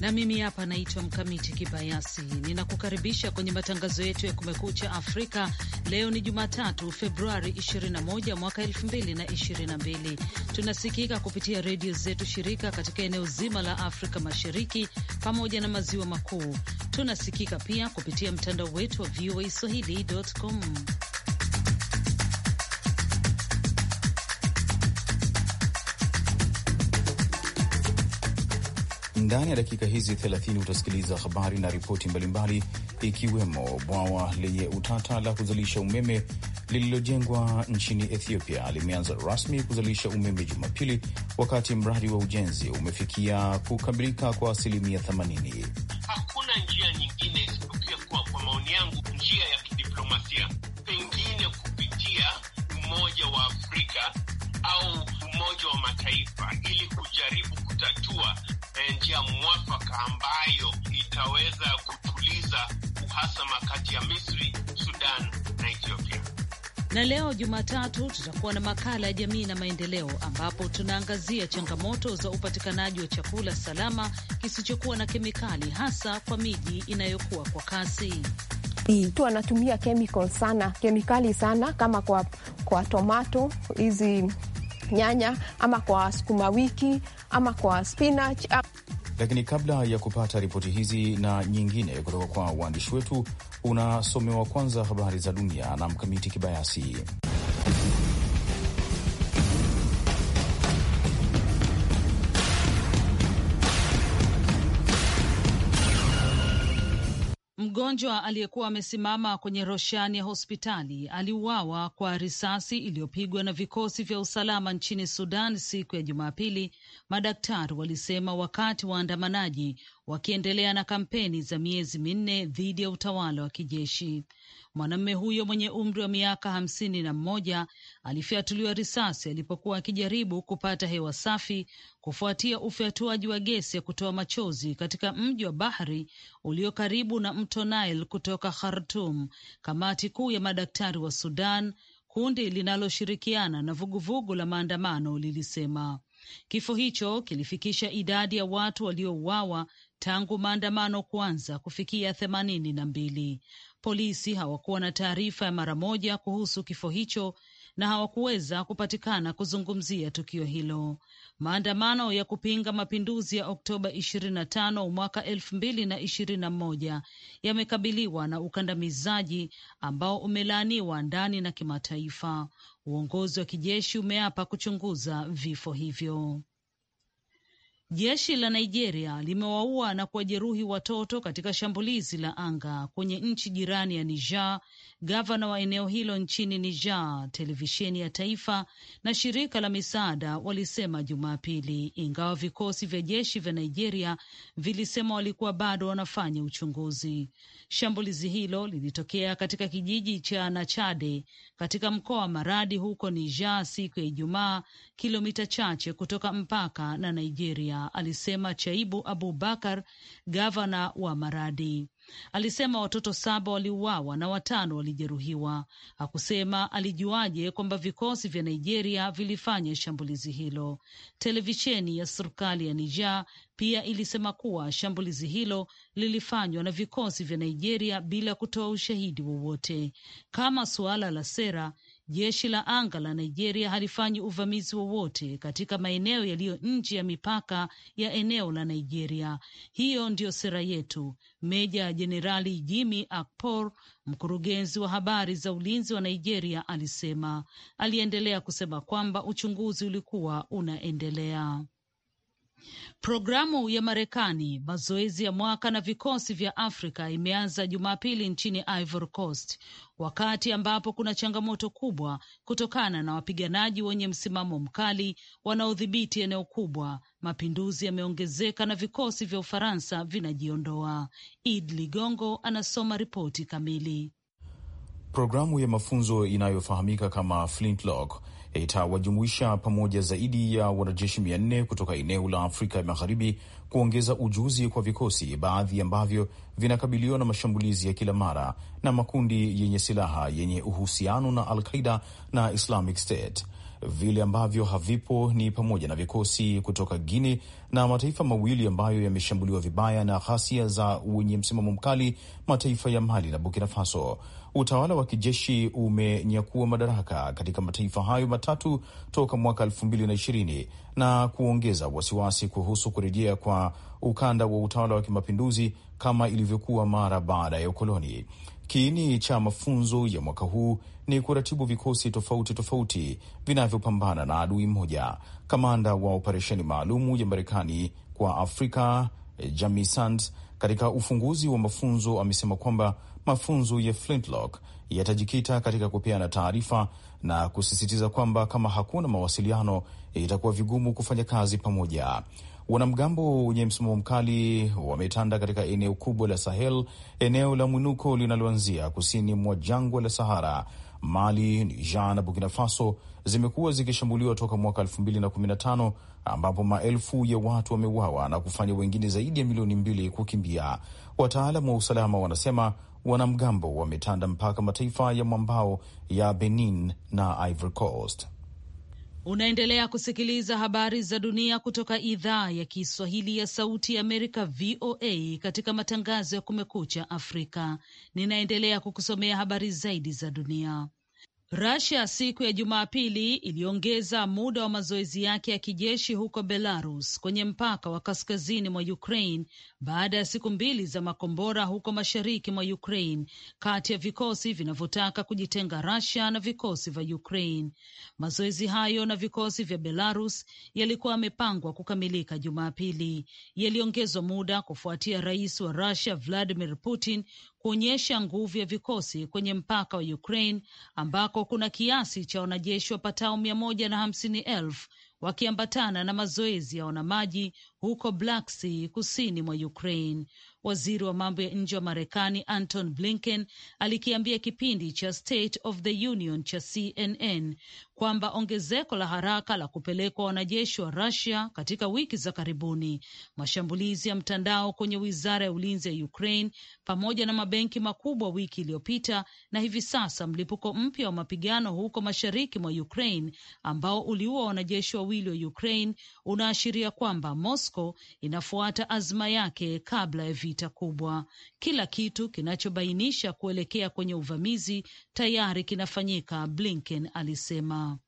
na mimi hapa naitwa Mkamiti Kibayasi, ninakukaribisha kwenye matangazo yetu ya Kumekucha Afrika. Leo ni Jumatatu, Februari 21 mwaka 2022. Tunasikika kupitia redio zetu shirika katika eneo zima la Afrika Mashariki pamoja na Maziwa Makuu. Tunasikika pia kupitia mtandao wetu wa VOA swahili.com. Ndani ya dakika hizi 30 utasikiliza habari na ripoti mbalimbali, ikiwemo bwawa lenye utata la kuzalisha umeme lililojengwa nchini Ethiopia limeanza rasmi kuzalisha umeme Jumapili, wakati mradi wa ujenzi umefikia kukamilika kwa asilimia 80. Hakuna njia nyingine isipokuwa, kwa, kwa maoni yangu, njia ya kidiplomasia, pengine kupitia Umoja wa Afrika au Umoja wa Mataifa ili kujaribu kutatua njia mwafaka ambayo itaweza kutuliza uhasama kati ya Misri, Sudan na Ethiopia. Na leo Jumatatu tutakuwa na makala ya jamii na maendeleo, ambapo tunaangazia changamoto za upatikanaji wa chakula salama kisichokuwa na kemikali, hasa kwa miji inayokuwa kwa kasi Mtu anatumia kemikal sana, kemikali sana kama kwa, kwa tomato hizi nyanya ama kwa sukuma wiki ama kwa spinach. Lakini kabla ya kupata ripoti hizi na nyingine kutoka kwa waandishi wetu, unasomewa kwanza habari za dunia na Mkamiti Kibayasi. Mgonjwa aliyekuwa amesimama kwenye roshani ya hospitali aliuawa kwa risasi iliyopigwa na vikosi vya usalama nchini Sudan siku ya Jumapili, madaktari walisema, wakati waandamanaji wakiendelea na kampeni za miezi minne dhidi ya utawala wa kijeshi. Mwanamume huyo mwenye umri wa miaka hamsini na mmoja alifyatuliwa risasi alipokuwa akijaribu kupata hewa safi kufuatia ufyatuaji wa gesi ya kutoa machozi katika mji wa Bahri ulio karibu na mto Nile kutoka Khartum. Kamati kuu ya madaktari wa Sudan, kundi linaloshirikiana na vuguvugu vugu la maandamano, lilisema kifo hicho kilifikisha idadi ya watu waliouawa tangu maandamano kuanza kufikia themanini na mbili. Polisi hawakuwa na taarifa ya mara moja kuhusu kifo hicho na hawakuweza kupatikana kuzungumzia tukio hilo. Maandamano ya kupinga mapinduzi ya Oktoba 25 mwaka 2021 yamekabiliwa na ukandamizaji ambao umelaaniwa ndani na kimataifa. Uongozi wa kijeshi umeapa kuchunguza vifo hivyo. Jeshi la Nigeria limewaua na kuwajeruhi watoto katika shambulizi la anga kwenye nchi jirani ya Niger. Gavana wa eneo hilo nchini Niger, televisheni ya taifa na shirika la misaada walisema Jumapili, ingawa vikosi vya jeshi vya Nigeria vilisema walikuwa bado wanafanya uchunguzi. Shambulizi hilo lilitokea katika kijiji cha Nachade katika mkoa wa Maradi huko Niger siku ya Ijumaa, kilomita chache kutoka mpaka na Nigeria alisema Chaibu Abubakar, gavana wa Maradi. Alisema watoto saba waliuawa na watano walijeruhiwa. Hakusema alijuaje kwamba vikosi vya Nigeria vilifanya shambulizi hilo. Televisheni ya serikali ya Niger pia ilisema kuwa shambulizi hilo lilifanywa na vikosi vya Nigeria bila kutoa ushahidi wowote. Kama suala la sera jeshi la anga la Nigeria halifanyi uvamizi wowote katika maeneo yaliyo nje ya mipaka ya eneo la Nigeria. Hiyo ndiyo sera yetu, Meja Jenerali Jimmy Akpor, mkurugenzi wa habari za ulinzi wa Nigeria alisema. Aliendelea kusema kwamba uchunguzi ulikuwa unaendelea. Programu ya Marekani mazoezi ya mwaka na vikosi vya Afrika imeanza Jumapili nchini Ivory Coast, wakati ambapo kuna changamoto kubwa kutokana na wapiganaji wenye msimamo mkali wanaodhibiti eneo kubwa. Mapinduzi yameongezeka na vikosi vya Ufaransa vinajiondoa. Id Ligongo anasoma ripoti kamili. Programu ya mafunzo inayofahamika kama Flintlock E, itawajumuisha pamoja zaidi ya wanajeshi mia nne kutoka eneo la Afrika ya Magharibi, kuongeza ujuzi kwa vikosi baadhi ambavyo vinakabiliwa na mashambulizi ya kila mara na makundi yenye silaha yenye uhusiano na Al-Qaida na Islamic State. Vile ambavyo havipo ni pamoja na vikosi kutoka Guinea na mataifa mawili ambayo yameshambuliwa vibaya na ghasia za wenye msimamo mkali, mataifa ya Mali na Burkina Faso. Utawala wa kijeshi umenyakua madaraka katika mataifa hayo matatu toka mwaka elfu mbili na ishirini na kuongeza wasiwasi kuhusu kurejea kwa ukanda wa utawala wa kimapinduzi kama ilivyokuwa mara baada ya ukoloni. Kiini cha mafunzo ya mwaka huu ni kuratibu vikosi tofauti tofauti vinavyopambana na adui mmoja. Kamanda wa operesheni maalumu ya Marekani kwa Afrika Jamie Sand katika ufunguzi wa mafunzo amesema kwamba mafunzo ya Flintlock yatajikita katika kupeana taarifa na kusisitiza kwamba kama hakuna mawasiliano itakuwa vigumu kufanya kazi pamoja. Wanamgambo wenye msimamo mkali wametanda katika eneo kubwa la Sahel, eneo la mwinuko linaloanzia kusini mwa jangwa la Sahara. Mali, Niger na Burkina Faso zimekuwa zikishambuliwa toka mwaka 2015 ambapo maelfu ya watu wameuawa na kufanya wengine zaidi ya milioni mbili kukimbia. wataalam wa usalama wanasema wanamgambo wametanda mpaka mataifa ya mwambao ya Benin na Ivory Coast. Unaendelea kusikiliza habari za dunia kutoka idhaa ya Kiswahili ya Sauti ya Amerika, VOA, katika matangazo ya Kumekucha Afrika. Ninaendelea kukusomea habari zaidi za dunia. Rasia siku ya Jumapili iliongeza muda wa mazoezi yake ya kijeshi huko Belarus kwenye mpaka wa kaskazini mwa Ukraine baada ya siku mbili za makombora huko mashariki mwa Ukraine kati ya vikosi vinavyotaka kujitenga Rasia na vikosi vya Ukraine. Mazoezi hayo na vikosi vya Belarus yalikuwa yamepangwa kukamilika Jumapili, yaliongezwa muda kufuatia rais wa Rasia Vladimir Putin kuonyesha nguvu ya vikosi kwenye mpaka wa Ukraine ambako kuna kiasi cha wanajeshi wapatao mia moja na hamsini elfu wakiambatana na mazoezi ya wanamaji huko Black Sea kusini mwa Ukraine. Waziri wa mambo ya nje wa Marekani Anton Blinken alikiambia kipindi cha State of the Union cha CNN kwamba ongezeko la haraka la kupelekwa wanajeshi wa Rusia katika wiki za karibuni, mashambulizi ya mtandao kwenye wizara ya ulinzi ya Ukraine pamoja na mabenki makubwa wiki iliyopita, na hivi sasa mlipuko mpya wa mapigano huko mashariki mwa Ukraine ambao uliua wanajeshi wawili wa Ukraine unaashiria kwamba Moscow inafuata azma yake kabla ya vita kubwa. Kila kitu kinachobainisha kuelekea kwenye uvamizi tayari kinafanyika, Blinken alisema.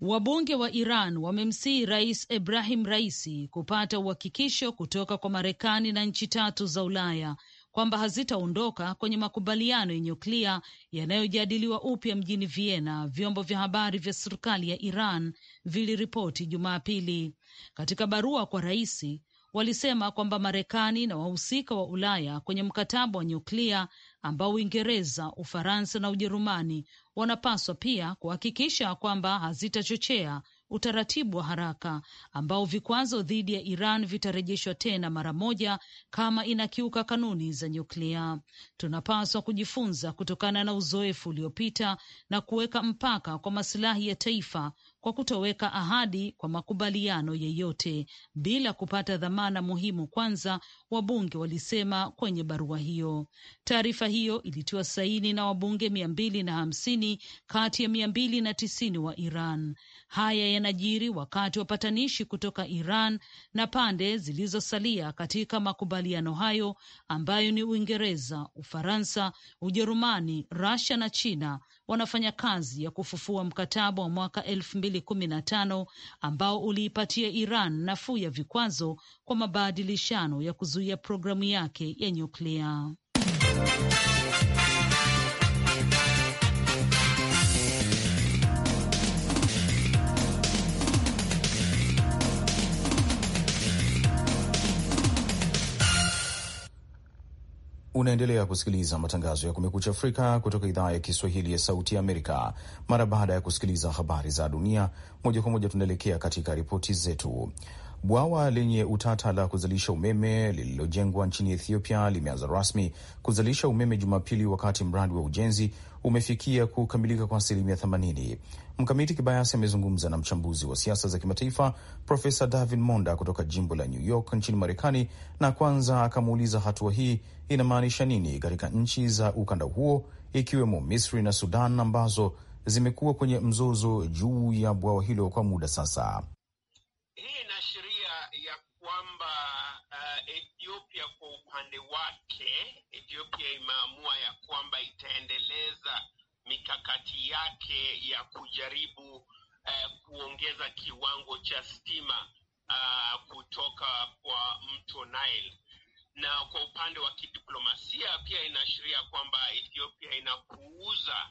Wabunge wa Iran wamemsihi Rais Ibrahim Raisi kupata uhakikisho kutoka kwa Marekani na nchi tatu za Ulaya kwamba hazitaondoka kwenye makubaliano ya nyuklia yanayojadiliwa upya mjini Vienna, vyombo vya habari vya serikali ya Iran viliripoti Jumapili. Katika barua kwa raisi, walisema kwamba Marekani na wahusika wa Ulaya kwenye mkataba wa nyuklia ambao Uingereza, Ufaransa na Ujerumani wanapaswa pia kuhakikisha kwamba hazitachochea utaratibu wa haraka ambao vikwazo dhidi ya Iran vitarejeshwa tena mara moja kama inakiuka kanuni za nyuklia. Tunapaswa kujifunza kutokana na uzoefu uliopita na kuweka mpaka kwa masilahi ya taifa kwa kutoweka ahadi kwa makubaliano yeyote bila kupata dhamana muhimu kwanza, wabunge walisema kwenye barua hiyo. Taarifa hiyo ilitiwa saini na wabunge mia mbili na hamsini kati ya mia mbili na tisini wa Iran. Haya yanajiri wakati wapatanishi kutoka Iran na pande zilizosalia katika makubaliano hayo ambayo ni Uingereza, Ufaransa, Ujerumani, rasia na China wanafanya kazi ya kufufua mkataba wa mwaka elfu mbili kumi na tano ambao uliipatia Iran nafuu ya vikwazo kwa mabadilishano ya kuzuia programu yake ya nyuklia. Unaendelea kusikiliza matangazo ya Kumekucha Afrika kutoka idhaa ya Kiswahili ya Sauti ya Amerika. Mara baada ya kusikiliza habari za dunia moja kwa moja, tunaelekea katika ripoti zetu. Bwawa lenye utata la kuzalisha umeme lililojengwa nchini Ethiopia limeanza rasmi kuzalisha umeme Jumapili, wakati mradi wa ujenzi umefikia kukamilika kwa asilimia 80. Mkamiti Kibayasi amezungumza na mchambuzi wa siasa za kimataifa Profesa David Monda kutoka jimbo la New York nchini Marekani, na kwanza akamuuliza hatua hii inamaanisha nini katika nchi za ukanda huo ikiwemo Misri na Sudan ambazo zimekuwa kwenye mzozo juu ya bwawa hilo kwa muda sasa. Ethiopia imeamua ya kwamba itaendeleza mikakati yake ya kujaribu eh, kuongeza kiwango cha stima uh, kutoka kwa mto Nile na kwa upande wa kidiplomasia pia inaashiria kwamba Ethiopia inapuuza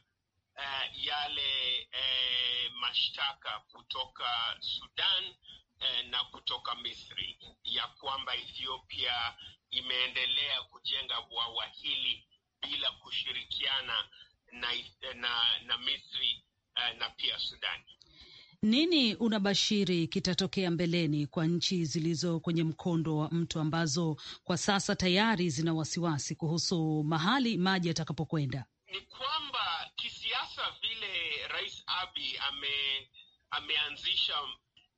uh, yale eh, mashtaka kutoka Sudan eh, na kutoka Misri ya kwamba Ethiopia imeendelea kujenga bwawa hili bila kushirikiana na, na, na Misri eh, na pia Sudani. Nini unabashiri kitatokea mbeleni kwa nchi zilizo kwenye mkondo wa mto ambazo kwa sasa tayari zina wasiwasi kuhusu mahali maji yatakapokwenda? Ni kwamba kisiasa vile Rais Abi ame, ameanzisha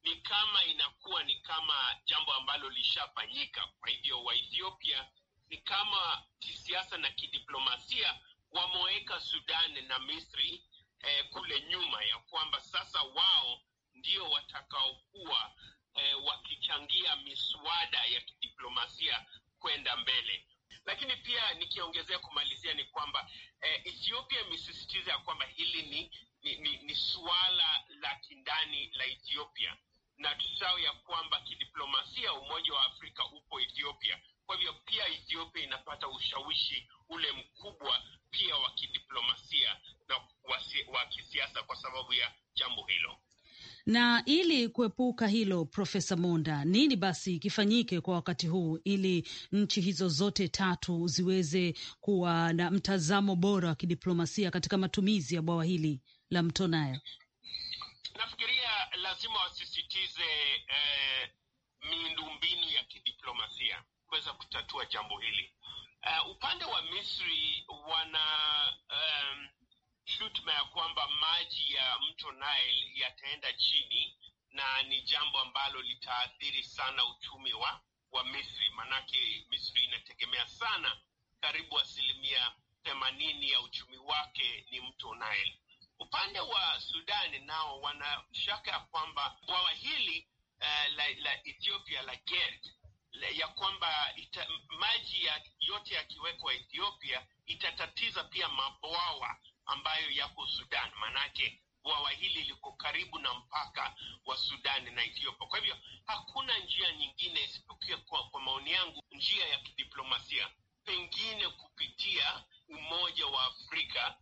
ni kama inakuwa ni kama jambo ambalo lishafanyika. Kwa hivyo Waethiopia ni kama kisiasa na kidiplomasia wameweka Sudan na Misri eh, kule nyuma ya kwamba sasa wao ndio watakaokuwa eh, wakichangia miswada ya kidiplomasia kwenda mbele. Lakini pia nikiongezea kumalizia ni kwamba eh, Ethiopia imesisitiza ya kwamba hili ni, ni, ni, ni suala la kindani la Ethiopia na tusahau ya kwamba kidiplomasia Umoja wa Afrika upo Ethiopia. Kwa hivyo pia Ethiopia inapata ushawishi ule mkubwa pia wa kidiplomasia na wa kisiasa kwa sababu ya jambo hilo. Na ili kuepuka hilo, Profesa Monda, nini basi kifanyike kwa wakati huu ili nchi hizo zote tatu ziweze kuwa na mtazamo bora wa kidiplomasia katika matumizi ya bwawa hili la mto Nile? Nafikiria lazima wasisitize eh, mbinu ya kidiplomasia kuweza kutatua jambo hili. Uh, upande wa Misri wana um, shutuma ya kwamba maji ya mto Nile yataenda chini na ni jambo ambalo litaathiri sana uchumi wa, wa Misri, maanake Misri inategemea sana karibu asilimia themanini ya uchumi wake ni mto Nile. Upande wa Sudani nao shaka ya kwamba bwawa hili uh, la, la Ethiopia la Gerd ya kwamba ita, maji ya, yote yakiwekwa Ethiopia itatatiza pia mabwawa ambayo yako Sudan, maanake bwawa hili liko karibu na mpaka wa Sudani na Ethiopia. Kwa hivyo hakuna njia nyingine isipokuwa, kwa, kwa maoni yangu, njia ya kidiplomasia, pengine kupitia Umoja wa Afrika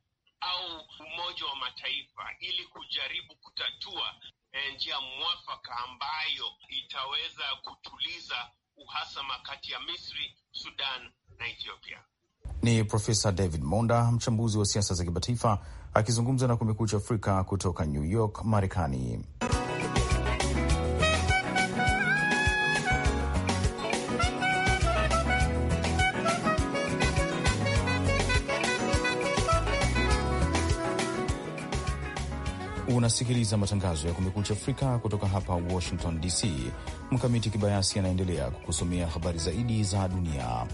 au Umoja wa Mataifa ili kujaribu kutatua eh, njia mwafaka ambayo itaweza kutuliza uhasama kati ya Misri, Sudan na Ethiopia. Ni Profesa David Monda, mchambuzi wa siasa za kimataifa akizungumza na Kumekucha Afrika kutoka New York, Marekani. Unasikiliza matangazo ya Kumekucha Afrika kutoka hapa Washington DC. Mkamiti Kibayasi anaendelea kukusomea habari zaidi za dunia.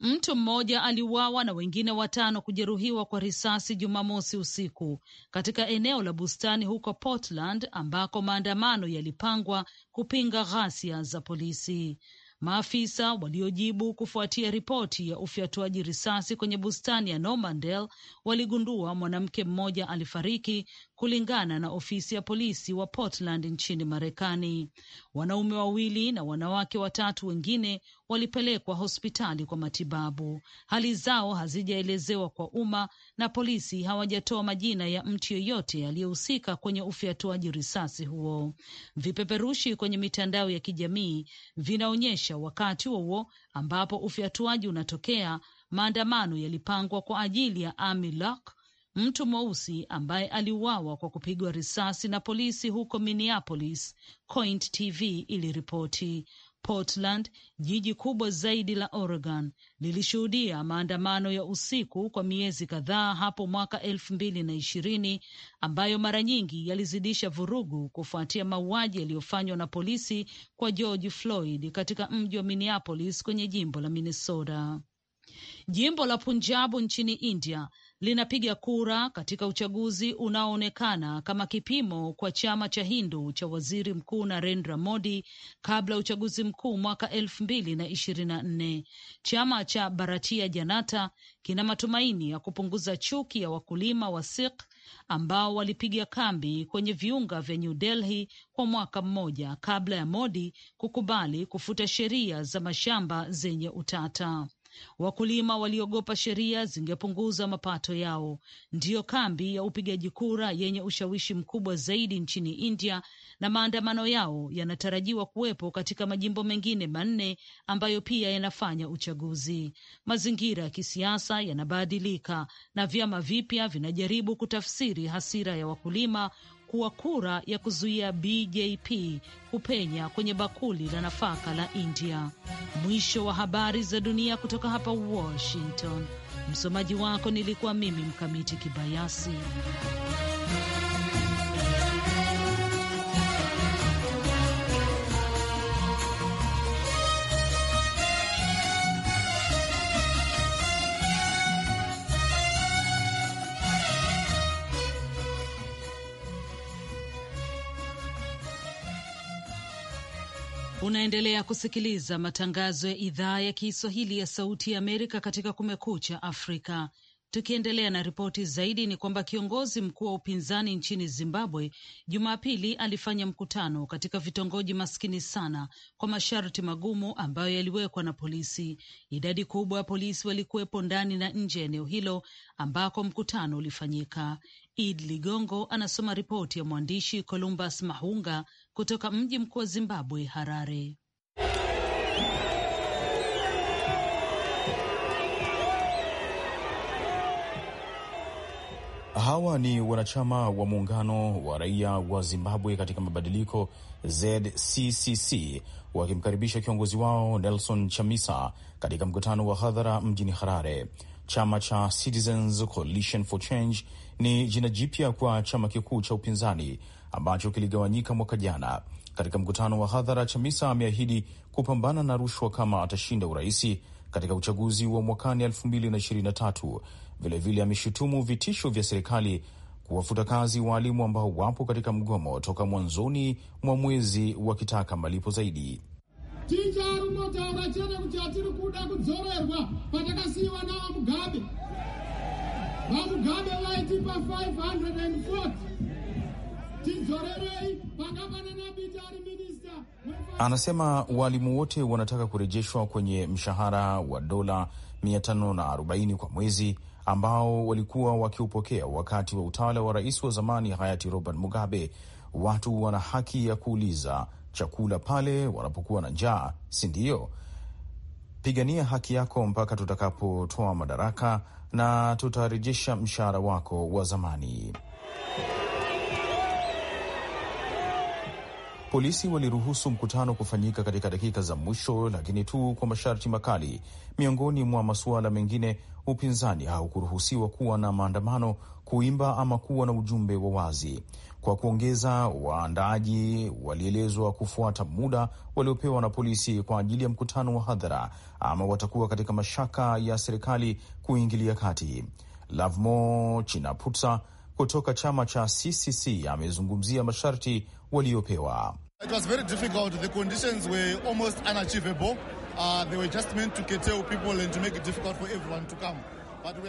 Mtu mmoja aliuawa na wengine watano kujeruhiwa kwa risasi Jumamosi usiku katika eneo la bustani huko Portland ambako maandamano yalipangwa kupinga ghasia za polisi maafisa waliojibu kufuatia ripoti ya ufyatuaji risasi kwenye bustani ya normandel waligundua mwanamke mmoja alifariki kulingana na ofisi ya polisi wa Portland nchini Marekani. Wanaume wawili na wanawake watatu wengine walipelekwa hospitali kwa matibabu. Hali zao hazijaelezewa kwa umma na polisi hawajatoa majina ya mtu yeyote aliyehusika kwenye ufyatuaji risasi huo. Vipeperushi kwenye mitandao ya kijamii vinaonyesha wakati huo ambapo ufyatuaji unatokea, maandamano yalipangwa kwa ajili ya Amy Locke mtu mweusi ambaye aliuawa kwa kupigwa risasi na polisi huko Minneapolis, Coint TV iliripoti. Portland, jiji kubwa zaidi la Oregon, lilishuhudia maandamano ya usiku kwa miezi kadhaa hapo mwaka elfu mbili na ishirini ambayo mara nyingi yalizidisha vurugu kufuatia mauaji yaliyofanywa na polisi kwa George Floyd katika mji wa Minneapolis kwenye jimbo la Minnesota. Jimbo la Punjabu nchini India linapiga kura katika uchaguzi unaoonekana kama kipimo kwa chama cha Hindu cha waziri mkuu Narendra Modi kabla ya uchaguzi mkuu mwaka elfu mbili na ishirini na nne. Chama cha Bharatiya Janata kina matumaini ya kupunguza chuki ya wakulima wa Sikh ambao walipiga kambi kwenye viunga vya New Delhi kwa mwaka mmoja kabla ya Modi kukubali kufuta sheria za mashamba zenye utata. Wakulima waliogopa sheria zingepunguza mapato yao. Ndiyo kambi ya upigaji kura yenye ushawishi mkubwa zaidi nchini India, na maandamano yao yanatarajiwa kuwepo katika majimbo mengine manne ambayo pia yanafanya uchaguzi. Mazingira ya kisiasa yanabadilika na vyama vipya vinajaribu kutafsiri hasira ya wakulima kuwa kura ya kuzuia BJP kupenya kwenye bakuli la nafaka la India. Mwisho wa habari za dunia kutoka hapa Washington. Msomaji wako nilikuwa mimi Mkamiti Kibayasi. Unaendelea kusikiliza matangazo ya idhaa ya Kiswahili ya Sauti ya Amerika katika Kumekucha Afrika. Tukiendelea na ripoti zaidi ni kwamba kiongozi mkuu wa upinzani nchini Zimbabwe Jumapili alifanya mkutano katika vitongoji maskini sana kwa masharti magumu ambayo yaliwekwa na polisi. Idadi kubwa ya polisi walikuwepo ndani na nje ya eneo hilo ambako mkutano ulifanyika. Id Ligongo anasoma ripoti ya mwandishi Columbus Mahunga kutoka mji mkuu wa Zimbabwe, Harare. Hawa ni wanachama wa muungano wa raia wa Zimbabwe katika mabadiliko ZCCC, wakimkaribisha kiongozi wao Nelson Chamisa katika mkutano wa hadhara mjini Harare. Chama cha Citizens Coalition for Change ni jina jipya kwa chama kikuu cha upinzani ambacho kiligawanyika mwaka jana. Katika mkutano wa hadhara, Chamisa ameahidi kupambana na rushwa kama atashinda uraisi katika uchaguzi wa mwakani 2023. Vilevile ameshutumu vitisho vya serikali kuwafuta kazi waalimu ambao wapo katika mgomo toka mwanzoni mwa mwezi wakitaka malipo zaidi ticharumotaura chenekuchatiri kuda kudzorerwa patakasiyiwa navamugabe vamugabe vaitipa 540 tidzorerei panga pana nabiti ari minista anasema walimu wote wanataka kurejeshwa kwenye mshahara wa dola 540 kwa mwezi ambao walikuwa wakiupokea wakati wa utawala wa rais wa zamani hayati Robert Mugabe. Watu wana haki ya kuuliza chakula pale wanapokuwa na njaa, si ndiyo? Pigania haki yako mpaka tutakapotoa madaraka na tutarejesha mshahara wako wa zamani. Polisi waliruhusu mkutano kufanyika katika dakika za mwisho, lakini tu kwa masharti makali. Miongoni mwa masuala mengine, upinzani haukuruhusiwa kuwa na maandamano, kuimba ama kuwa na ujumbe wa wazi. Kwa kuongeza, waandaaji walielezwa kufuata muda waliopewa na polisi kwa ajili ya mkutano wa hadhara, ama watakuwa katika mashaka ya serikali kuingilia kati. Lavmo Chinaputsa kutoka chama cha CCC amezungumzia masharti waliopewa. It was very difficult. The conditions were almost unachievable. Uh, they were just meant to curtail people and to make it difficult for everyone to come.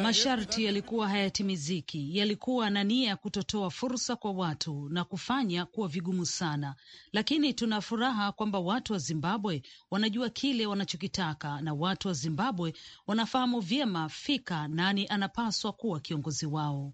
Masharti yalikuwa hayatimiziki, yalikuwa na nia ya kutotoa fursa kwa watu na kufanya kuwa vigumu sana, lakini tuna furaha kwamba watu wa Zimbabwe wanajua kile wanachokitaka na watu wa Zimbabwe wanafahamu vyema fika nani anapaswa kuwa kiongozi wao.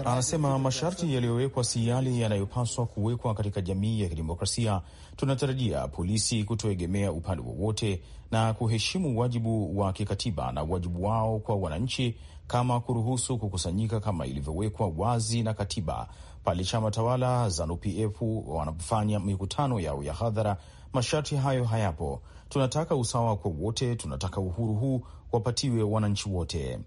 Anasema masharti yaliyowekwa si yale yanayopaswa kuwekwa katika jamii ya kidemokrasia. Tunatarajia polisi kutoegemea upande wowote na kuheshimu wajibu wa kikatiba na wajibu wao kwa wananchi, kama kuruhusu kukusanyika kama ilivyowekwa wazi na katiba. Pale chama tawala ZANUPF wanapofanya mikutano yao ya hadhara, masharti hayo hayapo. Tunataka usawa kwa wote, tunataka uhuru huu wapatiwe wananchi wote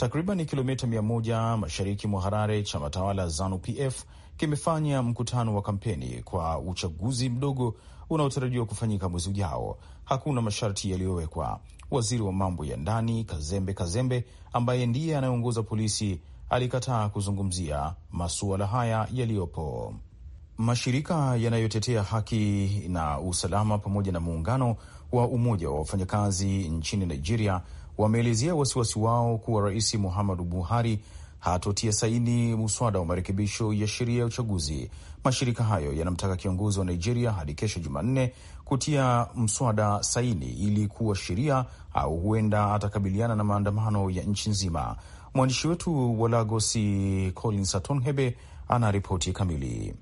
takriban kilomita mia moja mashariki mwa Harare, chama tawala ZANU-PF kimefanya mkutano wa kampeni kwa uchaguzi mdogo unaotarajiwa kufanyika mwezi ujao. Hakuna masharti yaliyowekwa. Waziri wa mambo ya ndani Kazembe Kazembe, ambaye ndiye anayeongoza polisi, alikataa kuzungumzia masuala haya yaliyopo. Mashirika yanayotetea haki na usalama pamoja na muungano wa umoja wa wafanyakazi nchini Nigeria wameelezea wasiwasi wao kuwa Rais Muhammadu Buhari hatotia saini muswada wa marekebisho ya sheria ya uchaguzi. Mashirika hayo yanamtaka kiongozi wa Nigeria hadi kesho Jumanne kutia mswada saini ili kuwa sheria, au huenda atakabiliana na maandamano ya nchi nzima. Mwandishi wetu wa Lagosi Collins Atonhebe ana ripoti kamili.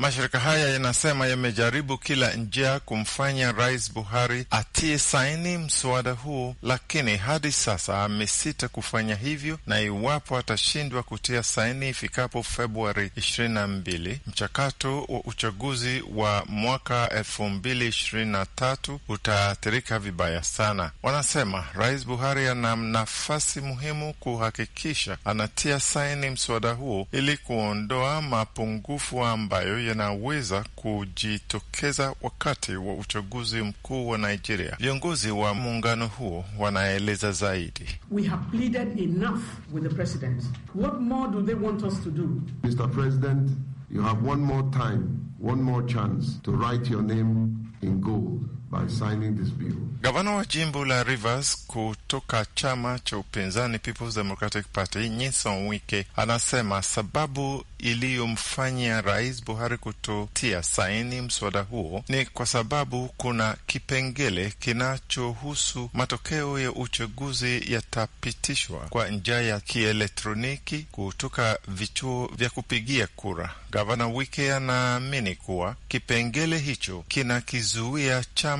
Mashirika haya yanasema yamejaribu kila njia kumfanya Rais Buhari atie saini mswada huo, lakini hadi sasa amesita kufanya hivyo, na iwapo atashindwa kutia saini ifikapo Februari 22, mchakato wa uchaguzi wa mwaka 2023 utaathirika vibaya sana. Wanasema Rais Buhari ana nafasi muhimu kuhakikisha anatia saini mswada huo ili kuondoa mapungufu ambayo yanaweza kujitokeza wakati wa uchaguzi mkuu wa Nigeria. Viongozi wa muungano huo wanaeleza zaidi. We have pleaded enough with the president. What more do they want us to do? Mr. President, you have one more time, one more chance to write your name in gold by signing this bill. Gavana wa jimbo la Rivers kutoka chama cha upinzani People's Democratic Party Nyesom Wike anasema sababu iliyomfanya Rais Buhari kutotia saini mswada huo ni kwa sababu kuna kipengele kinachohusu matokeo ya uchaguzi yatapitishwa kwa njia ya kielektroniki kutoka vichuo vya kupigia kura. Gavana Wike anaamini kuwa kipengele hicho kinakizuia chama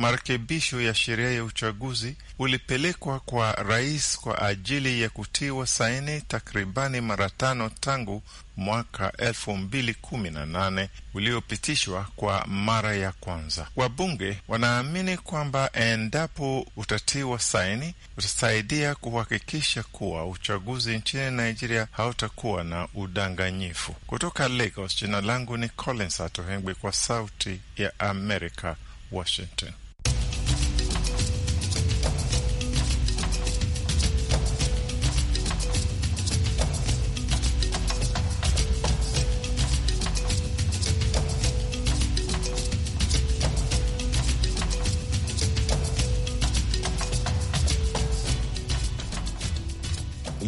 marekebisho ya sheria ya uchaguzi ulipelekwa kwa rais kwa ajili ya kutiwa saini takribani mara tano tangu mwaka elfu uliopitishwa kwa mara ya kwanza. Wabunge wanaamini kwamba endapo utatiwa saini utasaidia kuhakikisha kuwa uchaguzi nchini Nigeria hautakuwa na udanganyifu. Kutoka Lagos, jina langu ni Collins Atohengwi kwa Sauti ya Amerika, Washington.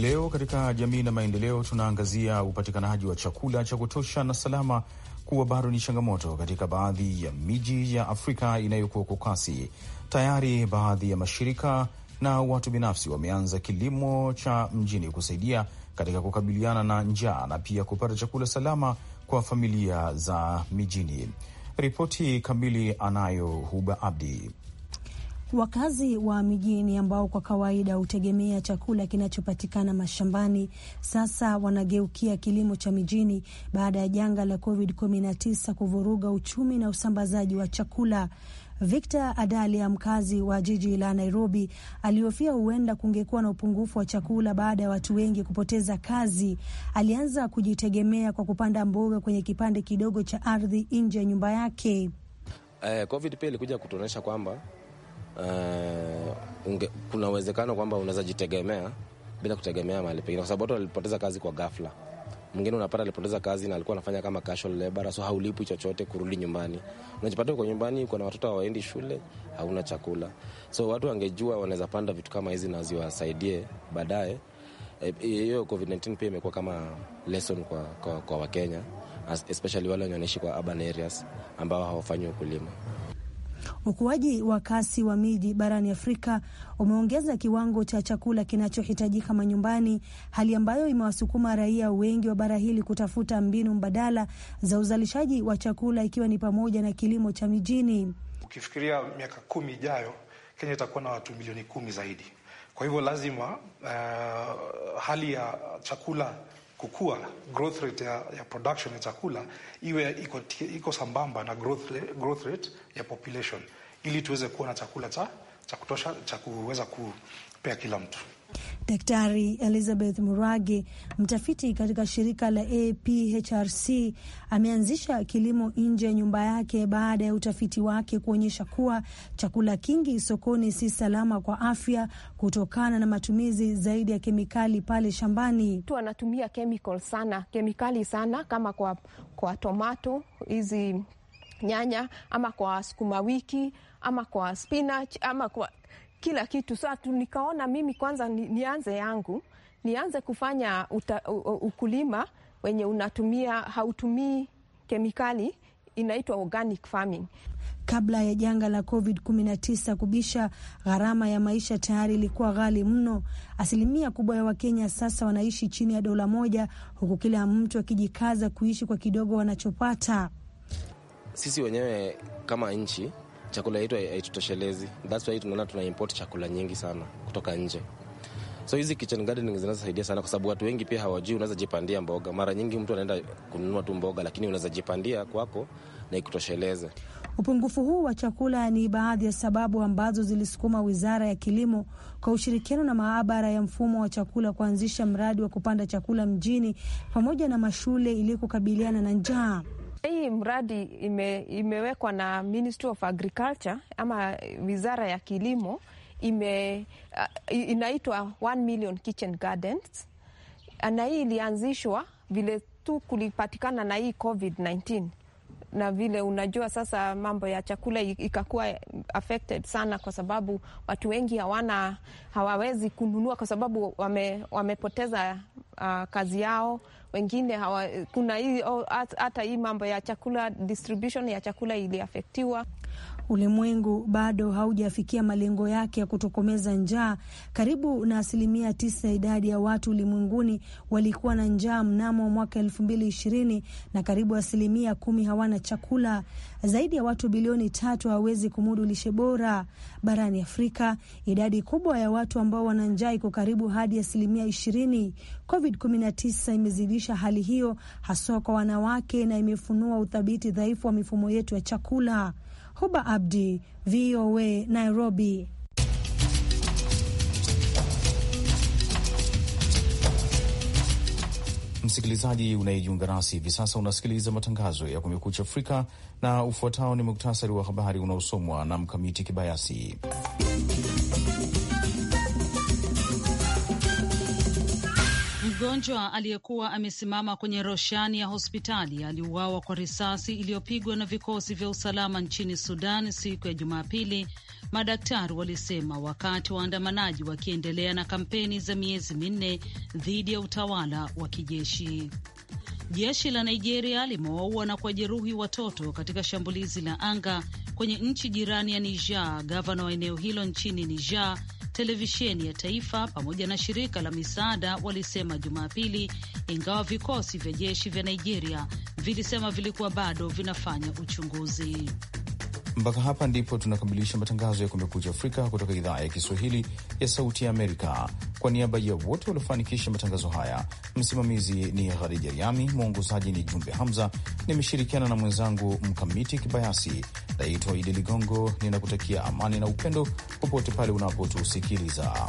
Leo katika jamii na maendeleo, tunaangazia upatikanaji wa chakula cha kutosha na salama kuwa bado ni changamoto katika baadhi ya miji ya Afrika inayokuwa kwa kasi. Tayari baadhi ya mashirika na watu binafsi wameanza kilimo cha mjini kusaidia katika kukabiliana na njaa na pia kupata chakula salama kwa familia za mijini. Ripoti kamili anayo Huba Abdi. Wakazi wa mijini ambao kwa kawaida hutegemea chakula kinachopatikana mashambani sasa wanageukia kilimo cha mijini baada ya janga la COVID-19 kuvuruga uchumi na usambazaji wa chakula. Victor Adalia, mkazi wa jiji la Nairobi, aliofia huenda kungekuwa na upungufu wa chakula baada ya watu wengi kupoteza kazi. Alianza kujitegemea kwa kupanda mboga kwenye kipande kidogo cha ardhi nje ya nyumba yake. Eh, COVID pia ilikuja kutuonyesha kwamba uh, unge, kuna uwezekano kwamba unaweza jitegemea bila kutegemea mahali pengine, kwa sababu watu walipoteza kazi kwa ghafla. Mwingine unapata alipoteza kazi na alikuwa anafanya kama casual labor, so haulipwi chochote kurudi nyumbani. Unajipata uko nyumbani, uko na watoto hawaendi shule, hauna chakula. So watu wangejua wanaweza panda vitu kama hizi na ziwasaidie baadaye. Eh, hiyo COVID-19 pia imekuwa kama lesson kwa, kwa, kwa Wakenya especially wale wanaishi kwa urban areas ambao hawafanyi ukulima. Ukuaji wa kasi wa miji barani Afrika umeongeza kiwango cha chakula kinachohitajika manyumbani, hali ambayo imewasukuma raia wengi wa bara hili kutafuta mbinu mbadala za uzalishaji wa chakula, ikiwa ni pamoja na kilimo cha mijini. Ukifikiria miaka kumi ijayo, Kenya itakuwa na watu milioni kumi zaidi. Kwa hivyo lazima uh, hali ya chakula kukua, growth rate ya, ya production ya chakula iwe iko, iko sambamba na growth, growth rate ya population ili tuweze kuwa na chakula cha, cha kutosha cha kuweza kupea kila mtu. Daktari Elizabeth Murage, mtafiti katika shirika la APHRC, ameanzisha kilimo nje ya nyumba yake baada ya utafiti wake kuonyesha kuwa chakula kingi sokoni si salama kwa afya kutokana na matumizi zaidi ya kemikali pale shambani. Tu anatumia chemical sana, kemikali sana kama kwa, kwa tomato hizi nyanya ama kwa sukuma wiki ama kwa spinach ama kwa kila kitu. Sasa so, nikaona mimi kwanza ni, nianze yangu nianze kufanya uta, u, u, ukulima wenye unatumia hautumii kemikali inaitwa organic farming. Kabla ya janga la COVID-19 kubisha, gharama ya maisha tayari ilikuwa ghali mno. Asilimia kubwa ya Wakenya sasa wanaishi chini ya dola moja, huku kila mtu akijikaza kuishi kwa kidogo wanachopata. Sisi wenyewe kama nchi chakula yetu haitutoshelezi. That's why tunaona tuna import chakula nyingi sana kutoka nje. So hizi kitchen gardening zinazosaidia sana, kwa sababu watu wengi pia hawajui unaweza jipandia mboga. Mara nyingi mtu anaenda kununua tu mboga, lakini unaweza jipandia kwako na ikutosheleze. Upungufu huu wa chakula ni baadhi ya sababu ambazo zilisukuma Wizara ya Kilimo kwa ushirikiano na maabara ya mfumo wa chakula kuanzisha mradi wa kupanda chakula mjini pamoja na mashule ili kukabiliana na njaa. Hii mradi ime, imewekwa na Ministry of Agriculture ama wizara ya kilimo ime, uh, inaitwa One Million Kitchen Gardens, na hii ilianzishwa vile tu kulipatikana na hii COVID-19 na vile unajua sasa mambo ya chakula ikakuwa affected sana, kwa sababu watu wengi hawana hawawezi kununua kwa sababu wame, wamepoteza uh, kazi yao. Wengine hawa, kuna hii oh, hata hii mambo ya chakula distribution ya chakula iliafektiwa ulimwengu bado haujafikia malengo yake ya kutokomeza njaa. Karibu na asilimia tisa ya idadi ya watu ulimwenguni walikuwa na njaa mnamo mwaka elfu mbili ishirini na karibu asilimia kumi hawana chakula. Zaidi ya watu bilioni tatu hawawezi kumudu lishe bora. Barani Afrika, idadi kubwa ya watu ambao wana njaa iko karibu hadi asilimia ishirini. COVID-19 imezidisha hali hiyo, haswa kwa wanawake na imefunua uthabiti dhaifu wa mifumo yetu ya chakula. Hoba Abdi, VOA Nairobi. Msikilizaji unayejiunga nasi hivi sasa, unasikiliza matangazo ya Kumekucha Afrika na ufuatao ni muktasari wa habari unaosomwa na Mkamiti Kibayasi. Mgonjwa aliyekuwa amesimama kwenye roshani ya hospitali aliuawa kwa risasi iliyopigwa na vikosi vya usalama nchini Sudan siku ya Jumapili, madaktari walisema, wakati waandamanaji wakiendelea na kampeni za miezi minne dhidi ya utawala wa kijeshi. Jeshi la Nigeria limewaua na kuwajeruhi watoto katika shambulizi la anga kwenye nchi jirani ya Niger. Gavana wa eneo hilo nchini Niger televisheni ya taifa pamoja na shirika la misaada walisema Jumapili, ingawa vikosi vya jeshi vya Nigeria vilisema vilikuwa bado vinafanya uchunguzi. Mpaka hapa ndipo tunakamilisha matangazo ya Kumekucha Afrika kutoka idhaa ya Kiswahili ya Sauti ya Amerika. Kwa niaba ya wote waliofanikisha matangazo haya, msimamizi ni Khadija Riami, mwongozaji ni Jumbe Hamza. Nimeshirikiana na mwenzangu Mkamiti Kibayasi. Naitwa Idi Ligongo, ninakutakia amani na upendo popote pale unapotusikiliza.